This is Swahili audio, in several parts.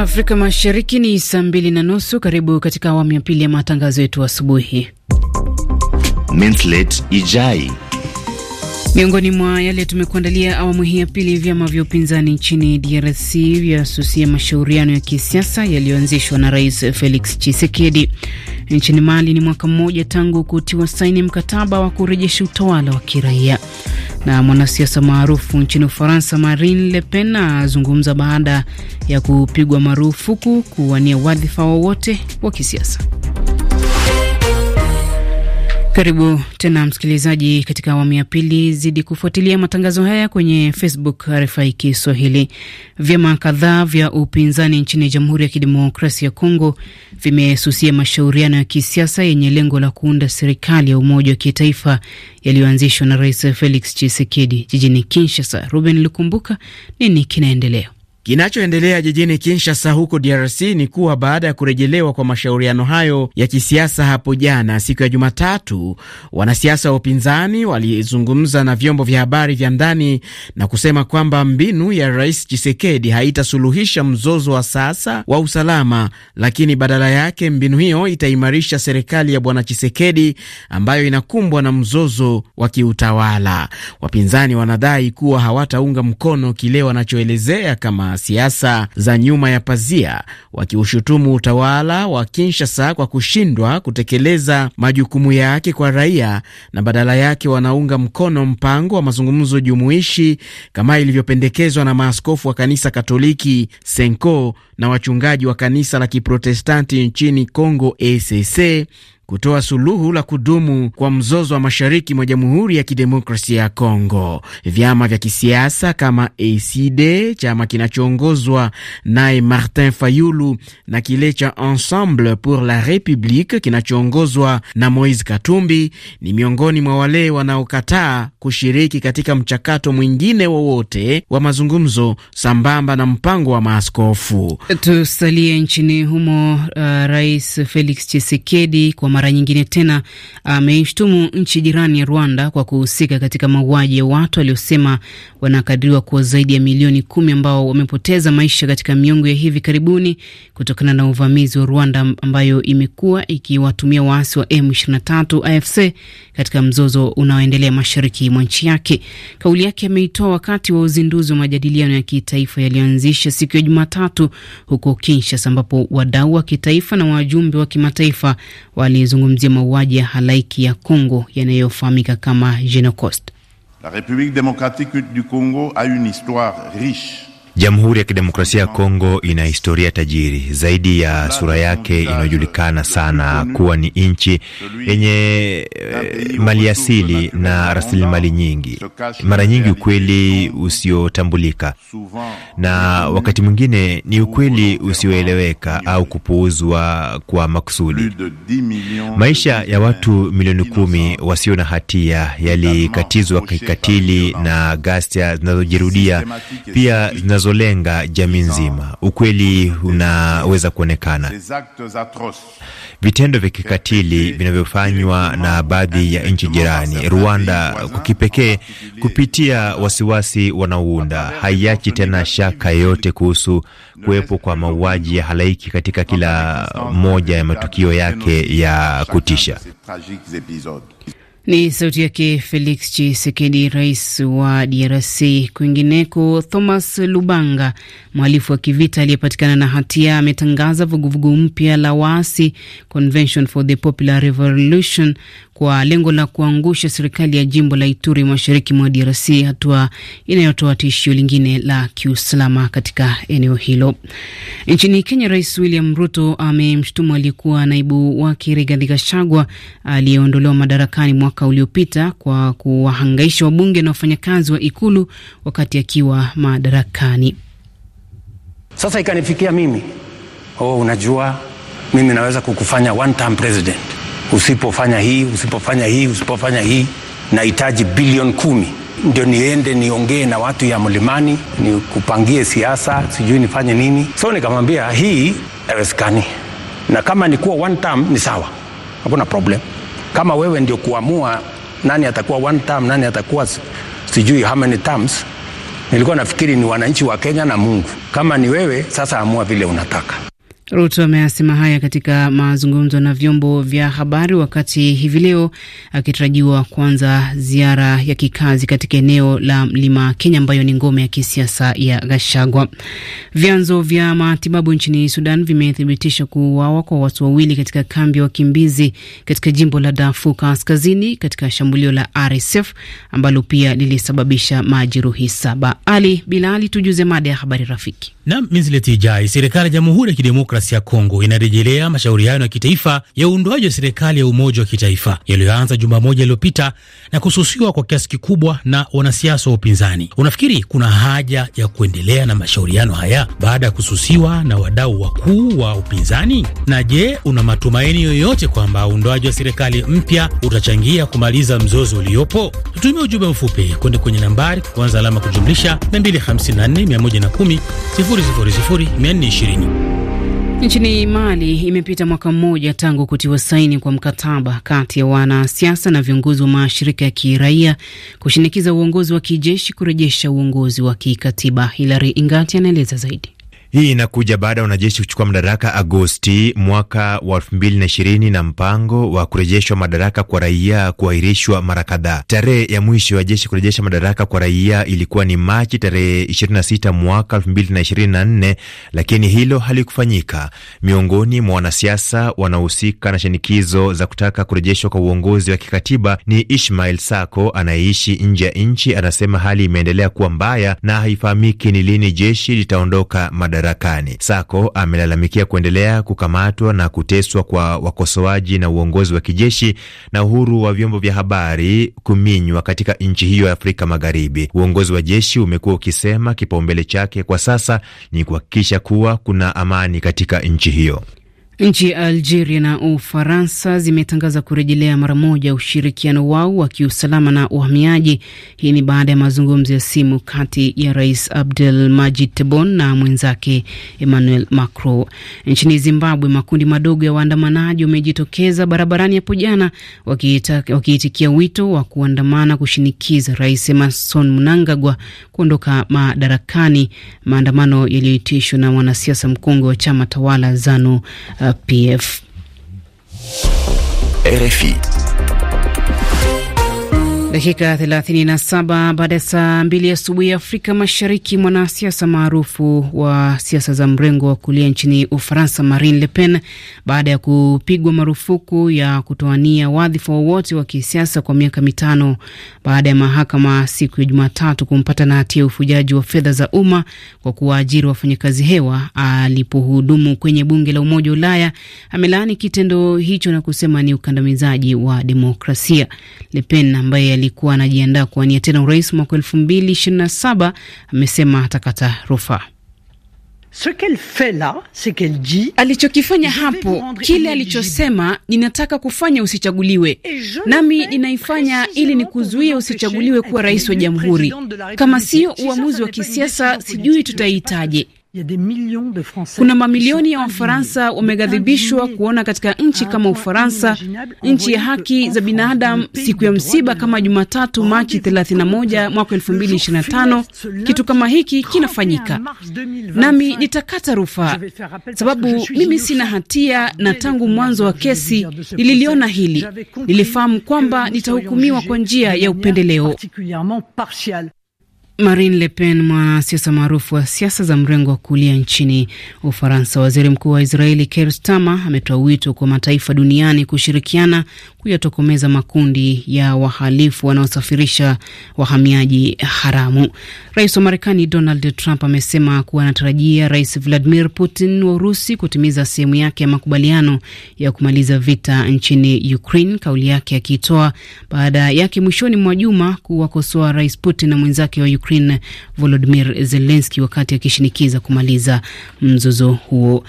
Afrika Mashariki ni saa mbili na nusu. Karibu katika awamu ya pili ya matangazo yetu asubuhi. Minslate Ijai Miongoni mwa yale tumekuandalia awamu hii ya pili, vyama vya upinzani nchini DRC vyasusia mashauriano ya kisiasa yaliyoanzishwa na Rais Felix Tshisekedi. Nchini Mali ni mwaka mmoja tangu kutiwa saini mkataba wa kurejesha utawala wa kiraia. Na mwanasiasa maarufu nchini Ufaransa Marine Le Pen azungumza baada ya kupigwa marufuku kuwania wadhifa wowote wa, wa kisiasa. Karibu tena msikilizaji, katika awamu ya pili. Zidi kufuatilia matangazo haya kwenye Facebook RFI Kiswahili. Vyama kadhaa vya upinzani nchini Jamhuri ya Kidemokrasia ya Kongo vimesusia mashauriano ya kisiasa yenye lengo la kuunda serikali ya umoja wa kitaifa yaliyoanzishwa na Rais Felix Tshisekedi jijini Kinshasa. Ruben Lukumbuka, nini kinaendelea? Kinachoendelea jijini Kinshasa huko DRC ni kuwa baada ya kurejelewa kwa mashauriano hayo ya kisiasa hapo jana siku ya Jumatatu, wanasiasa wa upinzani walizungumza na vyombo vya habari vya ndani na kusema kwamba mbinu ya Rais chisekedi haitasuluhisha mzozo wa sasa wa usalama, lakini badala yake mbinu hiyo itaimarisha serikali ya Bwana chisekedi ambayo inakumbwa na mzozo wa kiutawala. Wapinzani wanadai kuwa hawataunga mkono kile wanachoelezea kama siasa za nyuma ya pazia wakiushutumu utawala wa Kinshasa kwa kushindwa kutekeleza majukumu yake kwa raia na badala yake wanaunga mkono mpango wa mazungumzo jumuishi kama ilivyopendekezwa na maaskofu wa kanisa Katoliki Senko na wachungaji wa kanisa la Kiprotestanti nchini congo ECC kutoa suluhu la kudumu kwa mzozo wa mashariki mwa Jamhuri ya Kidemokrasia ya Kongo. Vyama vya kisiasa kama ACD, chama kinachoongozwa naye Martin Fayulu, na kile cha Ensemble pour la Republique kinachoongozwa na Moise Katumbi ni miongoni mwa wale wanaokataa kushiriki katika mchakato mwingine wowote wa, wa mazungumzo sambamba na mpango wa maaskofu. Tusalie nchini humo. Uh, Rais Felix Tshisekedi kwa mara nyingine tena ameishtumu uh, nchi jirani ya Rwanda kwa kuhusika katika mauaji ya watu waliosema wanakadiriwa kuwa zaidi ya milioni kumi ambao wamepoteza maisha katika miongo ya hivi karibuni kutokana na uvamizi wa Rwanda ambayo imekuwa ikiwatumia waasi wa M23 AFC katika mzozo unaoendelea mashariki mwa nchi yake. Kauli yake ameitoa wakati wa uzinduzi wa majadiliano ya kitaifa yaliyoanzisha siku ya Jumatatu huko Kinshasa ambapo wadau wa kitaifa na wajumbe wa kimataifa wali akizungumzia mauaji ya halaiki ya Kongo yanayofahamika kama Genocost. La République démocratique du Congo a une histoire riche Jamhuri ya Kidemokrasia ya Kongo ina historia tajiri zaidi ya sura yake inayojulikana sana kuwa ni nchi yenye eh, maliasili na rasilimali nyingi, mara nyingi ukweli usiotambulika, na wakati mwingine ni ukweli usioeleweka au kupuuzwa kwa makusudi. Maisha ya watu milioni kumi wasio na hatia yalikatizwa kikatili na ghasia zinazojirudia pia zinazo zinazolenga jamii nzima. Ukweli unaweza kuonekana, vitendo vya kikatili vinavyofanywa na baadhi ya nchi jirani. Rwanda kwa kipekee, kupitia wasiwasi wanaounda, haiachi tena shaka yoyote kuhusu kuwepo kwa mauaji ya halaiki katika kila moja ya matukio yake ya kutisha. Ni sauti yake Felix chisekedi rais wa DRC. Kwingineko, Thomas Lubanga, mhalifu wa kivita aliyepatikana na hatia, ametangaza vuguvugu mpya la waasi Convention for the Popular Revolution kwa lengo la kuangusha serikali ya jimbo la Ituri mashariki mwa DRC, hatua inayotoa tishio lingine la kiusalama katika eneo hilo. Nchini Kenya, Rais William Ruto amemshutumu aliyekuwa naibu wake Rigathi Gachagua aliyeondolewa madarakani mwaka mwaka uliopita kwa kuwahangaisha wabunge na wafanyakazi wa ikulu wakati akiwa madarakani. Sasa ikanifikia mimi, oh, unajua mimi naweza kukufanya one term president usipofanya hii, usipofanya hii, usipofanya hii. Nahitaji bilioni kumi ndio niende niongee na watu ya mlimani, nikupangie siasa, sijui nifanye nini. So nikamwambia hii haiwezekani, na kama nikuwa one term ni sawa, hakuna problem. Kama wewe ndio kuamua nani atakuwa one term, nani atakuwa sijui how many terms, nilikuwa nafikiri ni wananchi wa Kenya na Mungu. Kama ni wewe sasa, amua vile unataka. Ruto ameyasema haya katika mazungumzo na vyombo vya habari wakati hivi leo akitarajiwa kuanza ziara ya kikazi katika eneo la mlima Kenya ambayo ni ngome ya kisiasa ya Gashagwa. Vyanzo vya matibabu nchini Sudan vimethibitisha kuuawa kwa watu wawili katika kambi ya wa wakimbizi katika jimbo la Darfur Kaskazini katika shambulio la RSF ambalo pia lilisababisha majeruhi saba. Ali Bilali, tujuze mada ya habari rafiki na mizileti ijai, serikali ya Jamhuri ya Kidemokrasia ya Kongo inarejelea mashauriano ya kitaifa ya uundwaji wa serikali ya umoja wa kitaifa yaliyoanza juma moja iliyopita na kususiwa kwa kiasi kikubwa na wanasiasa wa upinzani. Unafikiri kuna haja ya kuendelea na mashauriano haya baada ya kususiwa na wadau wakuu wa upinzani? Na je, una matumaini yoyote kwamba uundwaji wa serikali mpya utachangia kumaliza mzozo uliopo? Tutumie ujumbe mfupi kwenda kwenye nambari kuanza alama kujumlisha 254 110 000 420. Nchini Mali imepita mwaka mmoja tangu kutiwa saini kwa mkataba kati ya wanasiasa na viongozi wa mashirika ya kiraia kushinikiza uongozi wa kijeshi kurejesha uongozi wa kikatiba. Hilary Ingati anaeleza zaidi. Hii inakuja baada ya wanajeshi kuchukua madaraka Agosti mwaka wa elfu mbili na ishirini na mpango wa kurejeshwa madaraka kwa raia kuahirishwa mara kadhaa. Tarehe ya mwisho ya jeshi kurejesha madaraka kwa raia ilikuwa ni Machi tarehe 26 mwaka elfu mbili na ishirini na nne, lakini hilo halikufanyika. Miongoni mwa wanasiasa wanaohusika na shinikizo za kutaka kurejeshwa kwa uongozi wa kikatiba ni Ishmael Sako anayeishi nje ya nchi. Anasema hali imeendelea kuwa mbaya na haifahamiki ni lini jeshi litaondoka madaraka madarakani. Sako amelalamikia kuendelea kukamatwa na kuteswa kwa wakosoaji na uongozi wa kijeshi na uhuru wa vyombo vya habari kuminywa katika nchi hiyo ya Afrika Magharibi. Uongozi wa jeshi umekuwa ukisema kipaumbele chake kwa sasa ni kuhakikisha kuwa kuna amani katika nchi hiyo. Nchi ya Algeria na Ufaransa zimetangaza kurejelea mara moja ushirikiano wao wa kiusalama na uhamiaji. Hii ni baada ya mazungumzo ya simu kati ya Rais Abdel Majid Tebon na mwenzake Emmanuel Macron. Nchini Zimbabwe, makundi madogo ya waandamanaji wamejitokeza barabarani hapo jana wakiitikia wito wa kuandamana kushinikiza Rais Emmerson Mnangagwa kuondoka madarakani, maandamano yaliyoitishwa na mwanasiasa mkongwe wa chama tawala Zanu uh, Pf, RFI Dakika 37 baada ya saa mbili asubuhi ya Afrika Mashariki, mwanasiasa maarufu wa siasa za mrengo wa kulia nchini Ufaransa, Marine Le Pen, baada ya kupigwa marufuku ya kutoania wadhifa wowote wa kisiasa kwa miaka mitano baada ya mahakama siku ya Jumatatu kumpata na hatia ya ufujaji wa fedha za umma kwa kuwaajiri wafanyakazi hewa alipohudumu kwenye bunge la Umoja wa Ulaya, amelaani kitendo hicho na kusema ni ukandamizaji wa demokrasia. Le Pen ambaye alikuwa anajiandaa kuwania tena urais mwaka elfu mbili ishirini na saba amesema atakata rufaa. Alichokifanya hapo, kile alichosema, ninataka kufanya usichaguliwe, nami ninaifanya ili ni kuzuia usichaguliwe kuwa rais wa jamhuri. Kama sio uamuzi wa kisiasa, sijui tutaitaje. Kuna mamilioni ya Wafaransa wameghadhibishwa kuona katika nchi kama Ufaransa, nchi ya haki za binadamu, siku ya msiba kama Jumatatu Machi 31 mwaka 2025 kitu kama hiki kinafanyika, nami nitakata rufaa sababu mimi sina hatia, na tangu mwanzo wa kesi nililiona hili, nilifahamu kwamba nitahukumiwa kwa njia ya upendeleo. Marine Le Pen, mwanasiasa maarufu wa siasa za mrengo wa kulia nchini Ufaransa. Waziri Mkuu wa Israeli Keir Starmer ametoa wito kwa mataifa duniani kushirikiana kuyatokomeza makundi ya wahalifu wanaosafirisha wahamiaji haramu. Rais wa Marekani Donald Trump amesema kuwa anatarajia Rais Vladimir Putin wa Urusi kutimiza sehemu yake ya makubaliano ya kumaliza vita nchini Ukraine, kauli yake akiitoa baada yake mwishoni mwa juma kuwakosoa Rais Putin na mwenzake wa Ukraine Volodimir Zelenski wakati akishinikiza kumaliza mzozo huo.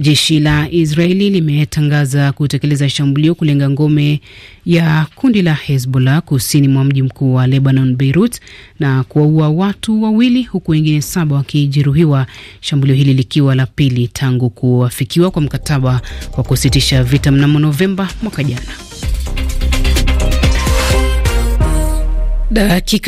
Jeshi la Israeli limetangaza kutekeleza shambulio kulenga ngome ya kundi la Hezbollah kusini mwa mji mkuu wa Lebanon, Beirut, na kuwaua watu wawili huku wengine saba wakijeruhiwa, shambulio hili likiwa la pili tangu kuafikiwa kwa mkataba wa kusitisha vita mnamo Novemba mwaka jana. Dakika